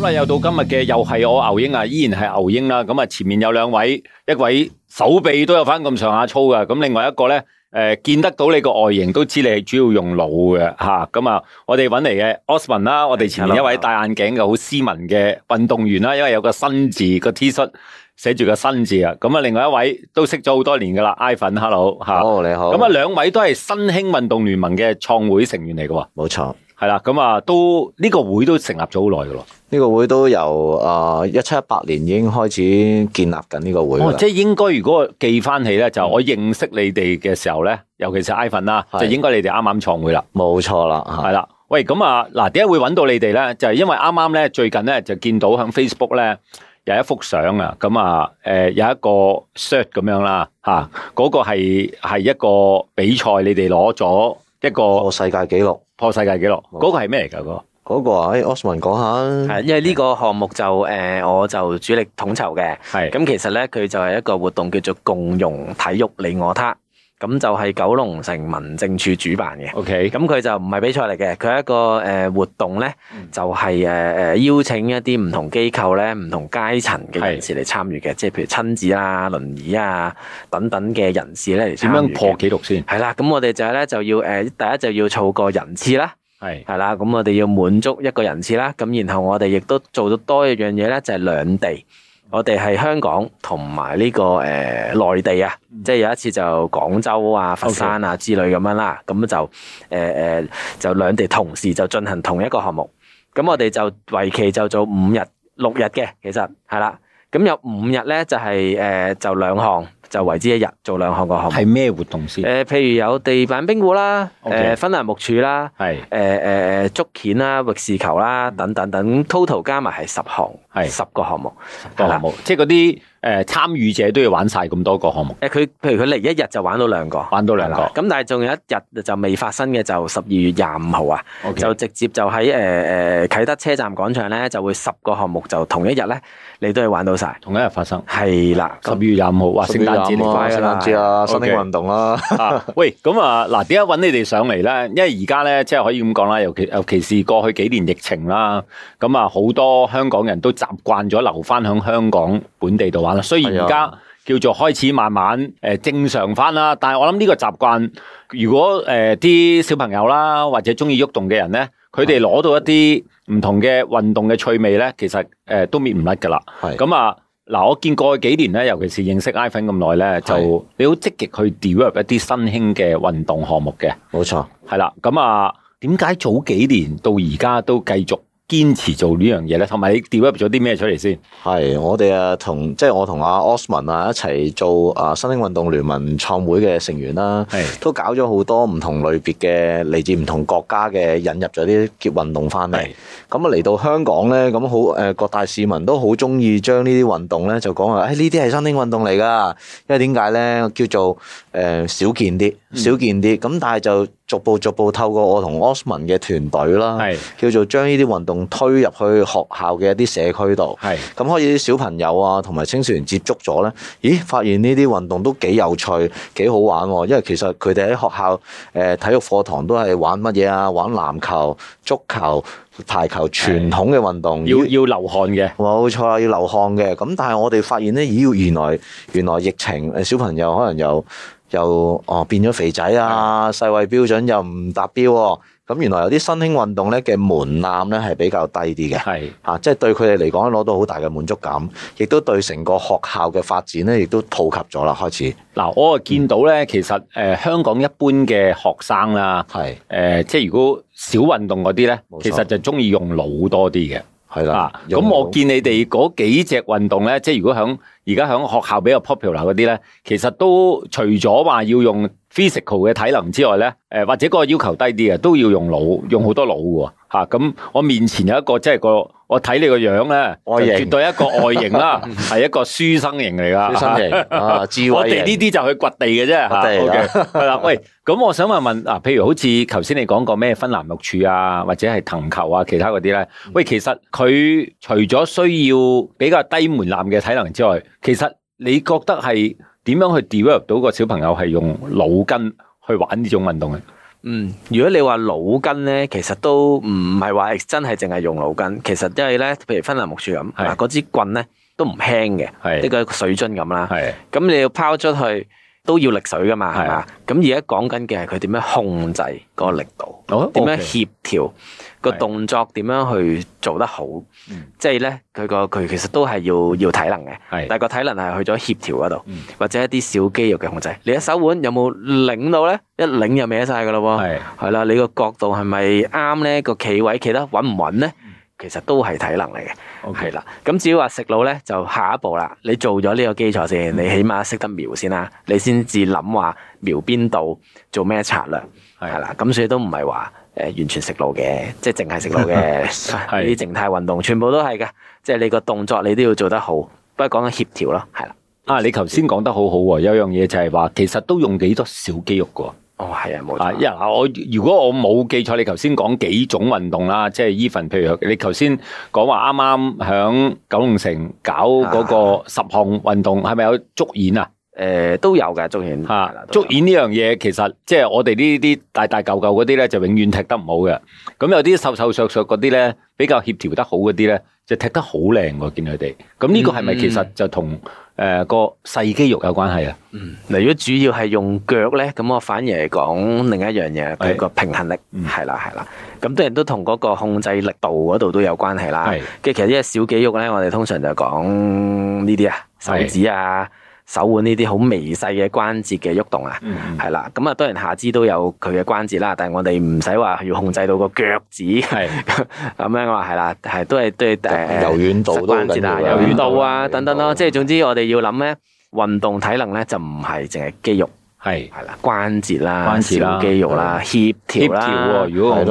咁啊又到今日嘅又係我牛英啊，依然係牛英啦、啊。咁、嗯、啊前面有兩位，一位手臂都有翻咁上下粗噶。咁另外一個咧，誒、呃、見得到你個外形都知你係主要用腦嘅吓。咁啊、啊、啊，我哋揾嚟嘅 Osman 啦、啊，我哋前面一位戴眼鏡嘅好斯文嘅運動員啦、啊，因為有個新字個 T 恤寫住個新字啊。咁啊，另外一位都識咗好多年噶啦，Ivan Hello 吓，你好。咁啊，兩、啊、位都係新興運動聯盟嘅創會成員嚟嘅喎，冇錯。係啦，咁啊，都呢、這個會都成立咗好耐噶咯。呢個會都由啊一七一八年已經開始建立緊呢個會、哦。即係應該如果我記翻起咧，嗯、就我認識你哋嘅時候咧，尤其是 Ivan 啦，是就應該你哋啱啱創會啦。冇錯啦，係啦。喂，咁啊，嗱，點解會揾到你哋咧？就係、是、因為啱啱咧，最近咧就見到喺 Facebook 咧有一幅相啊。咁啊，誒，有一個 shot 咁樣啦，吓、啊，嗰、那個係係一個比賽，你哋攞咗一個 世界紀錄。破世界紀錄嗰個係咩嚟㗎？嗰嗰、那個啊，Osman 講下，因為呢個項目就、呃、我就主力統籌嘅，咁是其實呢，佢就係一個活動叫做共融體育，你我他。咁就係九龍城民政處主辦嘅。OK，咁佢就唔係比賽嚟嘅，佢係一個誒活動咧，就係誒誒邀請一啲唔同機構咧，唔同階層嘅人士嚟參與嘅，的即係譬如親子啦、啊、輪椅啊等等嘅人士咧嚟參與。點樣破紀錄先？係啦，咁我哋就係咧就要誒、呃，第一就要湊個人次啦。係的，係啦，咁我哋要滿足一個人次啦，咁然後我哋亦都做咗多一樣嘢咧，就係、是、兩地。我哋係香港同埋呢個誒、呃、內地啊，即係有一次就廣州啊、佛山啊之類咁、啊嗯嗯、樣啦，咁就誒誒就兩地同時就進行同一個項目。咁我哋就為期就做五日六日嘅，其實係啦。咁、嗯、有五日咧就係、是、誒、呃、就兩項，就為之一日做兩項個項目。係咩活動先？誒、呃，譬如有地板冰壺啦、誒芬蘭木柱啦、係誒誒竹鉗啦、域士球啦等等等，total 加埋係十,十項。係十十個項目，個項目即係嗰啲誒參與者都要玩晒咁多個項目。誒，佢譬如佢嚟一日就玩到兩個，玩到兩個。咁但係仲有一日就未發生嘅，就十二月廿五號啊，Okay. 就直接就喺誒誒啟德車站廣場咧，就會十個項目就同一日咧，你都係玩到晒，同一日發生。係啦了，十二那月廿五號，哇，聖誕節嚟快啦，聖誕節啊，新興運動啦、啊。喂 okay. 啊，咁啊嗱，點解揾你哋上嚟咧？因為而家咧，即係可以咁講啦，尤其尤其是過去幾年疫情啦，咁啊好多香港人都。習慣咗留翻響香港本地度玩啦，雖然而家叫做開始慢慢誒正常翻啦。但係我諗呢個習慣，如果誒啲、呃、小朋友啦或者中意喐動嘅人呢，佢哋攞到一啲唔同嘅運動嘅趣味呢，其實誒、呃、都搣唔甩噶啦。咁是的 啊，嗱，我見過去幾年呢，尤其是認識 Ivan 咁耐呢，就你好積極去 develop 一啲新興嘅運動項目嘅。冇錯沒錯，係啦。咁啊，點解早幾年到而家都繼續？堅持做呢樣嘢咧，同埋你 develop 咗啲咩出嚟先？係我哋啊，同即係我同阿 Osman 啊，Os 啊一齊做啊新興運動聯盟創會嘅成員啦、啊，是都搞咗好多唔同類別嘅嚟自唔同國家嘅引入咗啲叫運動翻嚟。咁啊嚟到香港咧，咁好誒、呃，各大市民都好中意將呢啲運動咧就講話誒呢啲係新興運動嚟噶，因為點解咧叫做？誒少見啲，少見啲咁，但係就逐步逐步透過我同 Osman 嘅團隊啦，是叫做將呢啲運動推入去學校嘅一啲社區度，咁開始啲小朋友啊同埋青少年接觸咗咧，咦？發現呢啲運動都幾有趣，幾好玩喎、啊，因為其實佢哋喺學校誒、呃、體育課堂都係玩乜嘢啊？玩籃球、足球。排球，傳統嘅運動要要流汗嘅，冇錯，要流汗嘅。咁但係我哋發現咧，咦，原來原來疫情，小朋友可能又又哦變咗肥仔啊，世衛標準又唔達標。咁原來有啲新興運動咧嘅門檻咧係比較低啲嘅，係嚇是、啊，即係對佢哋嚟講攞到好大嘅滿足感，亦都對成個學校嘅發展咧，亦都普及咗啦。開始嗱，我見到咧，嗯、其實誒、呃、香港一般嘅學生啦，係誒是、呃、即係如果小運動嗰啲咧，是其實就中意用腦多啲嘅，係啦。咁我見你哋嗰幾隻運動咧，即係如果響而家響學校比較 popular 嗰啲咧，其實都除咗話要用。Physical 嘅體能之外咧，誒或者個要求低啲啊，都要用腦，用好多腦嘅吓。咁、嗯啊、我面前有一個即係、就是、個，我睇你個樣咧，外型形絕對一個外型啦、啊，係 一個書生型嚟噶。書生、 啊、型，智慧型，我哋呢啲就去掘地嘅啫。係啦、啊，喂、啊，咁、 啊、我想問問，嗱、啊，譬如好似頭先你講過咩芬蘭木柱啊，或者係藤球啊，其他嗰啲咧，喂、嗯，其實佢除咗需要比較低門檻嘅體能之外，其實你覺得係？點樣去 develop 到個小朋友係用腦筋去玩呢種運動嘅？嗯，如果你話腦筋咧，其實都唔係話真係淨係用腦筋，其實都係咧，譬如芬蘭木柱咁嗱，嗰是支棍咧都唔輕嘅，一個是水樽咁啦，咁是你要拋出去。都要力水噶嘛，係嘛的？咁而家講緊嘅係佢點樣控制嗰個力度，點樣、oh? Okay. 協調個的動作，點樣去做得好？嗯、即係咧，佢個佢其實都係要要體能嘅，係的。但係個體能係去咗協調嗰度，嗯、或者一啲小肌肉嘅控制。你嘅手腕有冇擰到咧？一擰就歪晒噶咯喎，係係啦。你個角度係咪啱咧？個企位企得穩唔穩咧？其實都係體能嚟嘅，係啦 Okay.。咁至於話食腦咧，就下一步啦。你做咗呢個基礎先，嗯、你起碼識得瞄先啦，你先至諗話瞄邊度做咩策略係啦。咁的所以都唔係話誒完全食腦嘅，即係淨係食腦嘅呢啲靜態運動，全部都係嘅。即、就、係、是、你個動作你都要做得好，不過講緊協調咯，係啦。啊，的你頭先講得好好、啊、喎，有樣嘢就係話，其實都用幾多少小肌肉噶。哦，係啊，冇錯、啊。一、啊，我如果我冇記錯，你頭先講幾種運動啦，即係依份，譬如你頭先講話啱啱喺九龍城搞嗰個十項運動，係咪有足演啊？是誒，都有嘅，足演吓，足演呢樣嘢其實即係我哋呢啲大大嚿嚿嗰啲咧，就永遠踢得唔好嘅。咁有啲瘦瘦削削嗰啲咧，比較協調得好嗰啲咧，就踢得好靚嘅。我見佢哋，咁呢個係咪其實就同誒個細肌肉有關係啊？嗯，如果主要係用腳咧，咁我反而嚟講另一樣嘢，佢個平衡力係啦係啦。咁當然都同嗰個控制力度嗰度都有關係啦。係，嘅其實呢啲小肌肉咧，我哋通常就講呢啲啊，手指啊。手腕呢啲好微細嘅關節嘅喐動啊，係啦、嗯，咁啊當然下肢都有佢嘅關節啦，但係我哋唔使話要控制到個腳趾，係咁的 樣話係啦，係都係都係誒柔軟軟度關節啊，柔軟度啊等等咯、啊，即係總之我哋要諗咧，運動體能咧就唔係淨係肌肉。係，係啦，關節啦，小肌肉啦，協調的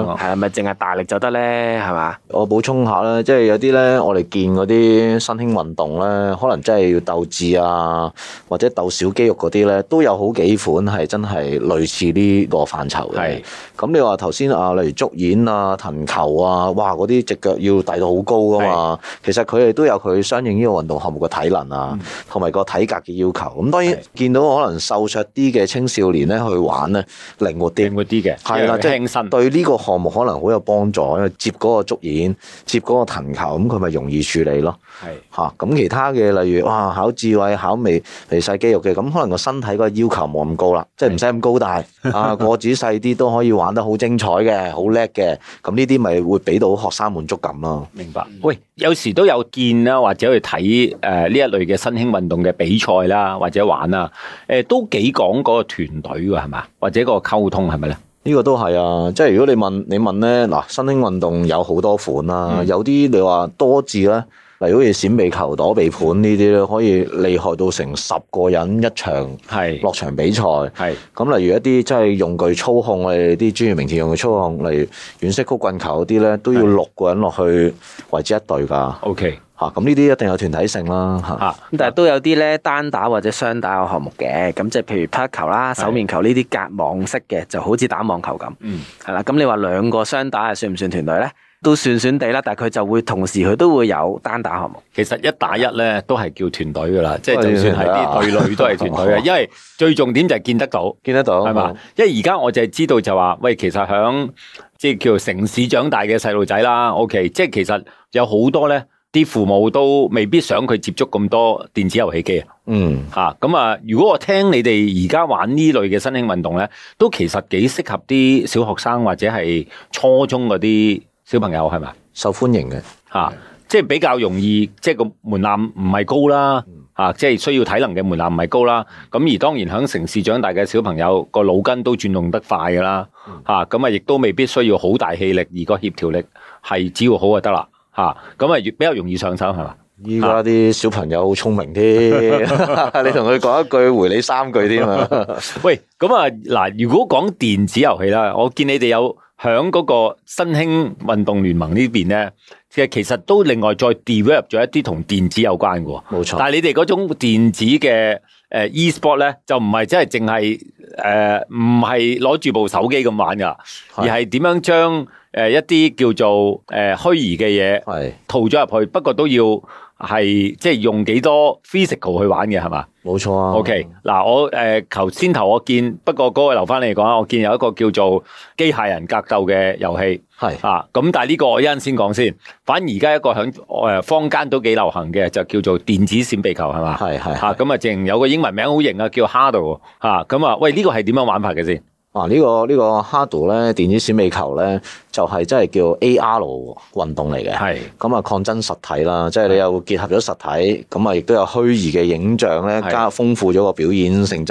啦，係咪淨係大力就得咧？係嘛，我補充下啦，即係有啲咧，我哋見嗰啲新興運動咧，可能真係要鬥智啊，或者鬥小肌肉嗰啲咧，都有好幾款係真係類似呢個範疇嘅。咁的、嗯嗯、你話頭先啊，例如足毽啊、藤球啊，哇，嗰啲隻腳要遞到好高噶嘛，的其實佢哋都有佢相應呢個運動項目嘅體能啊，同埋、嗯、個體格嘅要求。咁當然見到可能瘦削啲嘅嘅青少年咧去玩咧，靈活啲，靈活啲嘅，係啦，對即係對呢個項目可能好有幫助，因為接嗰個足毽、嗯、接嗰個藤球，咁佢咪容易處理咯。係吓是，咁、啊、其他嘅例如哇，考智慧，考微微細肌肉嘅，咁可能個身體個要求冇咁高啦，是即係唔使咁高大 啊，個子細啲都可以玩得好精彩嘅，好叻嘅，咁呢啲咪會俾到學生滿足感咯。明白。喂。有時都有見啦，或者去睇誒呢一類嘅新興運動嘅比賽啦，或者玩啊，誒、呃、都幾講嗰個團隊㗎，係咪？或者個溝通係咪咧？呢個都係啊，即係如果你問你問咧，嗱新興運動有好多款啦、啊，嗯、有啲你話多字啦。例如好似閃避球、躲避盤呢啲咧，可以厲害到成十個人一場落是場比賽。係咁是，例如一啲即係用具操控，我哋啲專業名詞用具操控，例如軟式曲棍球嗰啲咧，都要六個人落去為之一隊㗎。O K，嚇咁呢啲一定有團體性啦。嚇咁，啊啊、但係都有啲咧單打或者雙打嘅項目嘅。咁即係譬如拍球啦、手棉球呢啲隔網式嘅，就好似打網球咁。嗯，係啦。咁你話兩個雙打係算唔算團隊咧？都算算地啦，但係佢就會同時佢都會有單打項目。其實一打一咧都係叫團隊噶啦，即係 就，就算係啲對壘都係團隊嘅， 因為最重點就係見得到，見得到係嘛？吧嗯、因為而家我就係知道就話，喂，其實響即係叫城市長大嘅細路仔啦。O、okay, K，即係其實有好多咧，啲父母都未必想佢接觸咁多電子遊戲機啊。嗯，吓咁啊！如果我聽你哋而家玩類身運呢類嘅新興運動咧，都其實幾適合啲小學生或者係初中嗰啲小朋友係咪受歡迎嘅？吓、啊，即係比較容易，即係個門檻唔係高啦，吓、嗯啊，即係需要體能嘅門檻唔係高啦。咁而當然響城市長大嘅小朋友個腦筋都轉動得快噶啦，吓、嗯，咁啊亦都未必需要好大氣力，而個協調力係只要好就得啦，吓、啊，咁啊比較容易上手係嘛？依家啲小朋友好聰明啲， 你同佢講一句回你三句添啊。 喂，咁啊嗱，如果講電子遊戲啦，我見你哋有。喺嗰個新興運動聯盟邊呢邊咧，嘅其實都另外再 develop 咗一啲同電子有關嘅喎。冇錯，但係你哋嗰種電子嘅誒、呃、e-sport 咧，就唔係真係淨係誒，唔係攞住部手機咁玩噶，的而係點樣將誒、呃、一啲叫做誒虛擬嘅嘢，係套咗入去，的不過都要。係即係用幾多 physical 去玩嘅係嘛？冇錯啊。OK，嗱我誒頭、呃、先頭我見，不過位留翻你講，我見有一個叫做機械人格鬥嘅遊戲係啊。咁但係呢個我一陣先講先。反而而家一個響誒坊間都幾流行嘅就叫做電子閃避球係嘛？係係吓咁啊、嗯，正有個英文名好型啊，叫 Hard。吓咁啊，喂呢、這個係點樣玩法嘅先？嗱呢、啊這個呢、這個 Hado 咧電子閃避球咧就係、是、真係叫 A R 運動嚟嘅，係咁啊抗真實體啦，即、就、係、是、你又結合咗實體，咁啊亦都有虛擬嘅影像咧，加豐富咗個表演性質，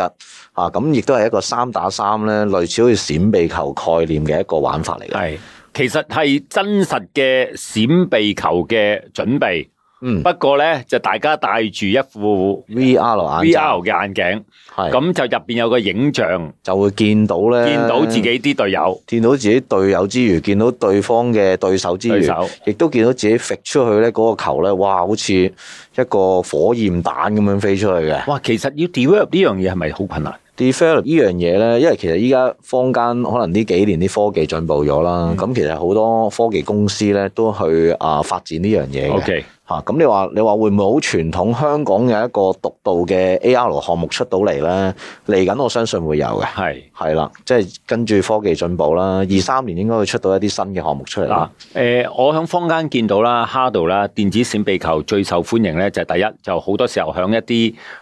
吓咁亦都係一個三打三咧類似好似閃避球概念嘅一個玩法嚟嘅，係其實係真實嘅閃避球嘅準備。嗯，不過咧就大家戴住一副 VR 嘅眼鏡，咁是、嗯、就入邊有個影像，就會見到咧見到自己啲隊友，見到自己隊友之餘，見到對方嘅對手之餘，亦手都見到自己搣出去咧嗰個球咧，哇，好似一個火焰彈咁樣飛出去嘅。哇，其實要 develop, 是，是 develop 呢樣嘢係咪好困難？develop 呢樣嘢咧，因為其實依家坊間可能呢幾年啲科技進步咗啦，咁、嗯、其實好多科技公司咧都去啊、呃、發展呢樣嘢嘅。嚇咁、啊、你話你話會唔會好傳統香港嘅一個獨步嘅 AR 項目出到嚟咧？嚟緊我相信會有嘅，係係啦，即係跟住科技進步啦，二三年應該會出到一啲新嘅項目出嚟啦。誒、啊呃，我喺坊間見到啦，Hado 啦，電子閃避球最受歡迎咧，就第一就好多時候喺一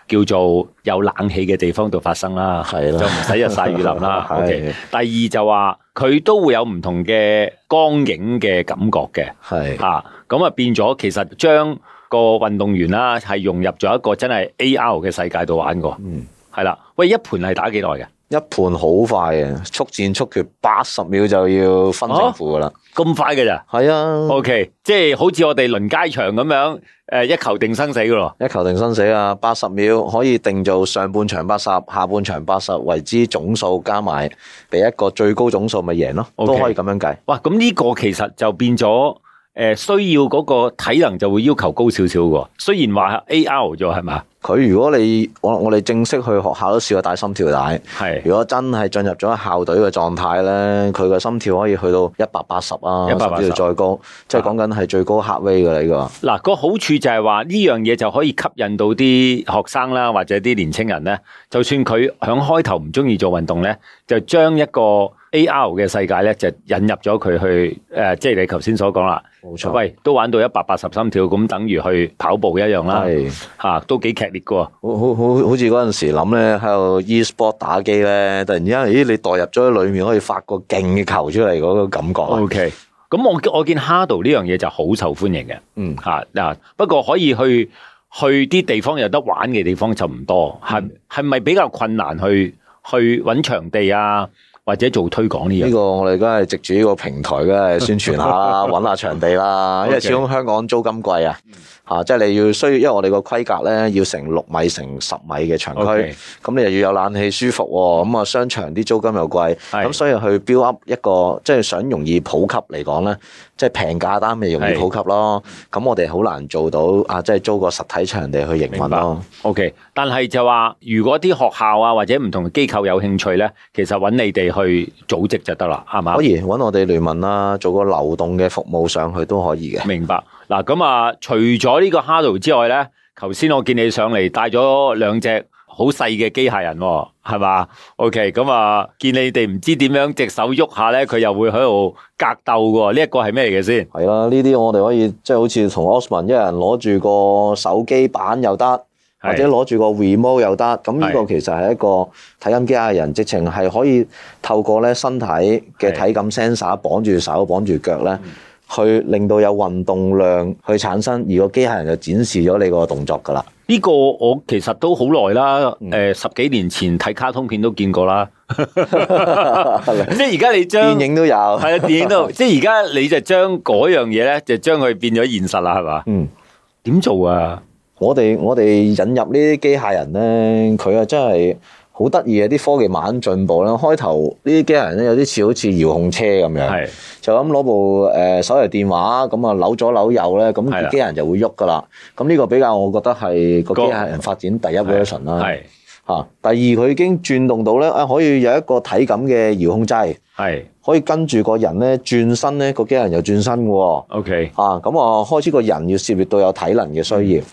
啲叫做有冷氣嘅地方度發生啦，的就唔使日曬雨淋啦。 的 o、okay. 第二就話、是。佢都會有唔同嘅光影嘅感覺嘅，係啊，咁啊，變咗，其實將個運動員啦、啊、係融入咗一個真係 AR 嘅世界度玩過。嗯係啦，喂，一盤係打幾耐嘅？一盤好快啊，速戰速決，八十秒就要分勝負噶啦，啊，咁快嘅咋？係啊，O K，即係好似我哋輪街場咁樣，誒，一球定生死噶咯，一球定生死啊！八十秒可以定做上半場八十，下半場八十，為之總數加埋，俾一個最高總數咪贏咯，Okay. 都可以咁樣計。哇，咁呢個其實就變咗。誒，需要嗰個體能就會要求高少少嘅，雖然話 A R 咗，係咪？佢如果你我我哋正式去學校都試過戴心跳帶，係是如果真係進入咗校隊嘅狀態咧，佢個心跳可以去到一百八十啊，一百八十再高，即係講緊係最高客威嘅啦呢個。嗱個好處就係話呢樣嘢就可以吸引到啲學生啦，或者啲年青人咧，就算佢響開頭唔中意做運動咧，就將一個。A.R. 嘅世界咧，就引入咗佢去，誒、呃，即係你頭先所講啦。冇錯，喂，都玩到一百八十三跳，咁等於去跑步一樣啦。係吓是、啊，都幾劇烈噶。好好好好似嗰陣時諗咧喺度 e-sport 打機咧，突然之間，咦、哎，你代入咗喺裏面可以發個勁嘅球出嚟嗰個感覺。O.K. 咁我我見 Hardo 呢樣嘢就好受歡迎嘅。嗯，吓嗱、啊，不過可以去去啲地方有得玩嘅地方就唔多。係係咪比較困難去去搵場地啊？或者做推廣呢樣，呢個我哋梗係藉住呢個平台梗係宣傳下，搵 下場地啦。 Okay. 因為始終香港租金貴啊。啊，即係你要需要，因為我哋個規格咧要成六米乘十米嘅場區，咁 Okay.、嗯、你又要有冷氣舒服喎，咁、嗯、啊商場啲租金又貴，咁是所以去 build up 一個即係想容易普及嚟講咧，即係平價單咪容易普及咯。咁是我哋好難做到啊，即係租個實體場地去營運咯。OK，但係就話如果啲學校啊或者唔同嘅機構有興趣咧，其實揾你哋去組織就得啦，係嘛？可以揾我哋聯盟啦、啊，做個流動嘅服務上去都可以嘅。明白。嗱、啊、咁啊，除咗喺呢個 h a r d 之外咧，頭先我見你上嚟帶咗兩隻好細嘅機械人喎、哦，係嘛？OK，咁、嗯、啊，見你哋唔知點樣隻手喐下咧，佢又會喺度格鬥喎。呢、這、一個係咩嚟嘅先？係啦、啊，呢啲我哋可以即係、就是、好似同 Osman 一人攞住個手機版又得，是或者攞住個 remote 又得。咁呢是個其實係一個體感機械人，直情係可以透過咧身體嘅體感 sensor 綁住手綁住腳咧。去令到有運動量去產生，而個機械人就展示咗你個動作噶啦。呢個我其實都好耐啦，誒、嗯呃、十幾年前睇卡通片都見過啦。 即係而家你將電影都有，係 啊電影都，即係而家你就將嗰樣嘢咧，就將佢變咗現實啦，係嘛？嗯，點做啊？我哋我哋引入呢啲機械人咧，佢啊真係。好得意啊！啲科技慢慢進步咧，開頭呢啲機械人咧有啲似好似遙控車咁樣，是的 就咁攞部誒手提電話咁啊扭左扭右咧，咁機械人就會喐噶啦。咁呢是的 個比較我覺得係個機械人發展第一 version 啦，嚇。第二佢已經轉動到咧啊，可以有一個體感嘅遙控掣，是的 可以跟住個人咧轉身咧，個機械人又轉身嘅喎、哦。OK，嚇咁啊，開始個人要涉獵到有體能嘅需要。是的 嗯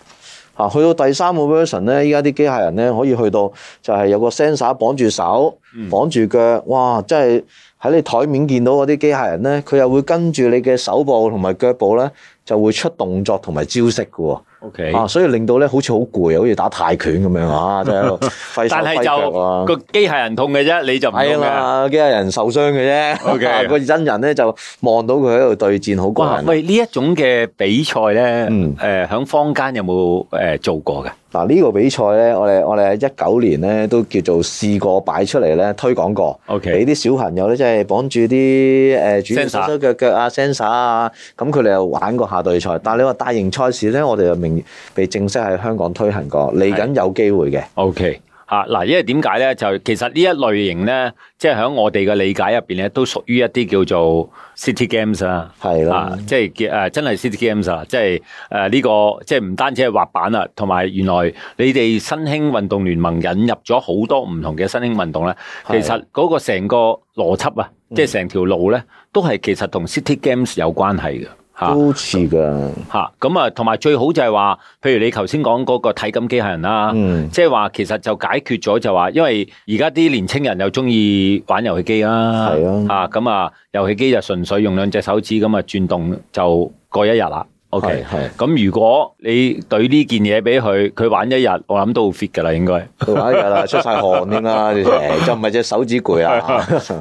啊，去到第三個 version 咧，依家啲機械人咧可以去到就係有個 sensor 綁住手綁住腳，哇！即係喺你台面見到嗰啲機械人咧，佢又會跟住你嘅手部同埋腳部咧，就會出動作同埋招式㗎喎。O Okay . K、啊、所以令到咧，好似好攰好似打泰拳咁樣啊，真係費手費腳啊。但係就個機 械人痛嘅啫，你就唔痛嘅。係啊嘛，機械人受傷嘅啫。O K，個真人咧就望到佢喺度對戰，好過癮。喂，呢一種嘅比賽咧，誒、嗯，響、呃、坊間有冇誒、呃、做過嘅？嗱，呢個比賽咧，我哋我哋喺一九年咧都叫做試過擺出嚟咧推廣過，俾啲 Okay. 小朋友咧即係綁住啲誒，住、呃、Sensor. 手手腳腳啊 sensor 啊，咁佢哋又玩過下對賽。但係你話大型賽事咧，我哋又未正式喺香港推行過，嚟緊有機會嘅。吓嗱、啊，因為點解咧？就其實呢一類型咧，即係喺我哋嘅理解入邊咧，都屬於一啲叫做 City Games 的啊，係、就、啦、是，即係叫誒真係 City Games 啦、就是，即係誒呢個即係唔單止係滑板啦，同埋原來你哋新興運動聯盟引入咗好多唔同嘅新興運動咧，的其實嗰個成個邏輯啊，即係成條路咧，都係其實同 City Games 有關係嘅。都似噶，吓咁啊！同埋最好就係話，譬如你頭先講嗰個體感機械人啦，即係話其實就解決咗就話，因為而家啲年青人又中意玩遊戲機啦、係啊，啊咁啊遊戲機就純粹用兩隻手指咁啊轉動就過一日啦。O K，係咁，okay, 是是，如果你對呢件嘢俾佢，佢玩一日，我諗都好 fit 噶啦，應該。玩一日啦，出晒汗添啦， 就唔係只手指攰啦。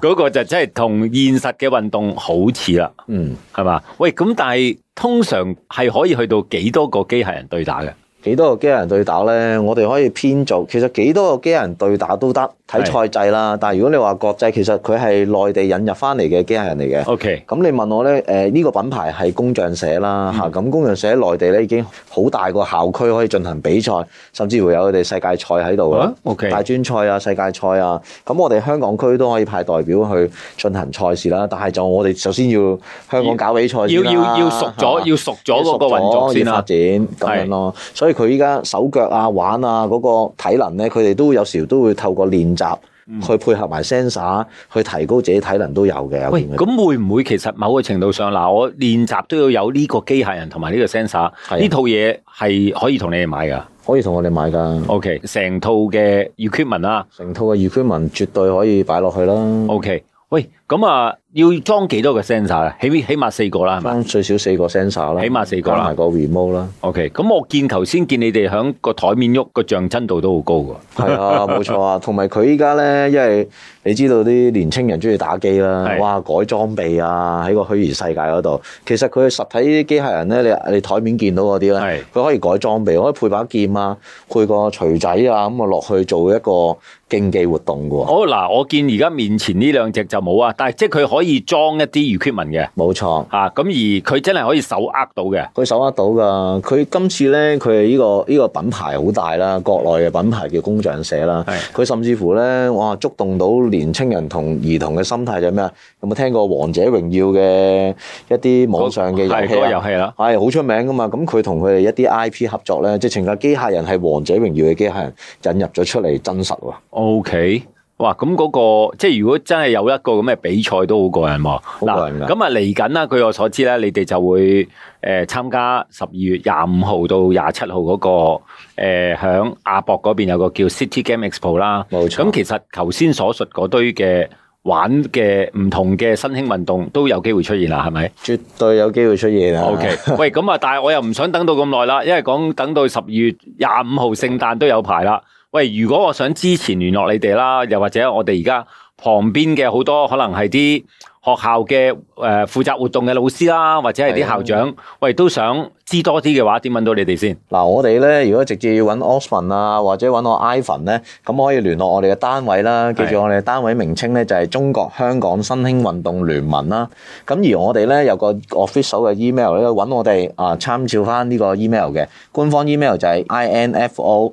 嗰 個就真係同現實嘅運動好似啦，嗯，係嘛？喂，咁但係通常係可以去到幾多個機械人對打嘅？幾多個機械人對打咧？我哋可以編做，其實幾多個機械人對打都得睇賽制啦。但係如果你話國際，其實佢係內地引入翻嚟嘅機械人嚟嘅。OK。咁你問我咧，誒呢個品牌係工匠社啦，嚇咁工匠社喺內地咧已經好大個校區可以進行比賽，甚至會有佢哋世界賽喺度啦。OK。大專賽啊，世界賽啊，咁我哋香港區都可以派代表去進行賽事啦。但係就我哋首先要香港搞比賽先啦，要要要熟咗，要熟咗嗰個運作先啊。發展咁樣咯，所以。佢依家手腳啊、玩啊嗰個體能咧，佢哋都有時都會透過練習去配合埋 sensor 去提高自己體能都有嘅。有喂，咁會唔會其實某個程度上嗱，我練習都要有呢個機械人同埋呢個 sensor 呢的套嘢係可以同你哋買噶？可以同我哋買噶。OK，成套嘅 equipment 啊，成套嘅 equipment 絕對可以擺落去啦。OK，喂。咁、嗯、啊，要裝幾多個 sensor 啊？起起碼四個啦，係咪？最少四個 sensor 啦，起碼四個啦，加埋個 remote 啦。O K，咁我見頭先見你哋響個台面喐個像真度都好高噶。係 啊，冇錯啊。同埋佢依家咧，因為你知道啲年青人中意打機啦，是哇，改裝備啊，喺個虛擬世界嗰度。其實佢實體啲機械人咧，你你台面見到嗰啲咧，佢是可以改裝備，可以配把劍啊，配個錘仔啊，咁啊落去做一個競技活動噶。好嗱，我見而家面前呢兩隻就冇啊。嗱，即係佢可以裝一啲 equipment 嘅，冇錯吓。咁、啊、而佢真係可以手握到嘅，佢手握到噶。佢今次咧，佢呢個呢個品牌好大啦，國內嘅品牌叫工匠社啦。佢是甚至乎咧，哇，觸動到年青人同兒童嘅心態就係咩啊？有冇聽過《王者榮耀》嘅一啲網上嘅遊戲？係遊戲啦，係好出名噶嘛。咁佢同佢哋一啲 IP 合作咧，直情架機械人係《王者榮耀》嘅機械人引入咗出嚟，真實喎。OK。哇，咁嗰、那個即係如果真係有一個咁嘅比賽都好過癮喎。好過癮。咁啊，嚟緊啦，據我所知咧，你哋就會誒、呃、參加十二月廿五號到廿七號嗰個誒響、呃、亞博嗰邊有個叫 City Game Expo 啦。冇錯。咁其實頭先所述嗰堆嘅玩嘅唔同嘅新興運動都有機會出現啦，係咪？絕對有機會出現啦。OK。喂，咁啊，但係我又唔想等到咁耐啦，因為講等到十二月廿五號聖誕都有排啦。喂，如果我想之前聯絡你哋啦，又或者我哋而家旁邊嘅好多可能係啲學校嘅誒、呃、負責活動嘅老師啦，或者係啲校長，的喂都想知多啲嘅話，點問到你哋先？嗱，我哋咧，如果直接要揾 Osman 啊，或者揾我 Ivan 咧，咁可以聯絡我哋嘅單位啦。記住我哋嘅單位名稱咧，的就係中國香港新興運動聯盟啦。咁而我哋咧有個 official 嘅 email，可以揾我哋啊，參照翻呢個 email 嘅官方 email 就係 info。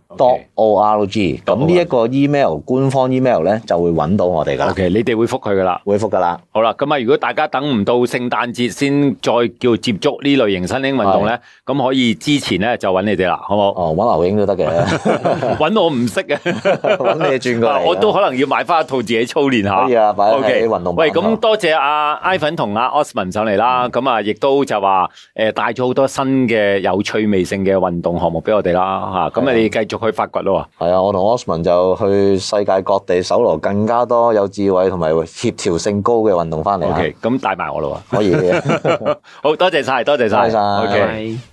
dot org 咁呢一個 email 官方 email 咧就會揾到我哋噶。O.K. 你哋會覆佢噶啦，會覆噶啦。好啦，咁啊，如果大家等唔到聖誕節先再叫接觸呢類型新興運動咧，咁可以之前咧就揾你哋啦，好唔好？哦，揾牛英都得嘅，揾我唔識嘅，咁你轉過嚟。我都可能要買翻一套自己操練下。O.K. 運動。喂，咁多謝阿 Ivan 同阿 Osman 上嚟啦，咁啊，亦都就話誒帶咗好多新嘅有趣味性嘅運動項目俾我哋啦，嚇，咁啊，你繼續。去發掘咯喎，係啊、嗯！我同 Osman 就去世界各地搜羅更加多有智慧同埋協調性高嘅運動翻嚟 OK 咁帶埋我咯喎，可以， 好多謝晒，多謝晒 OK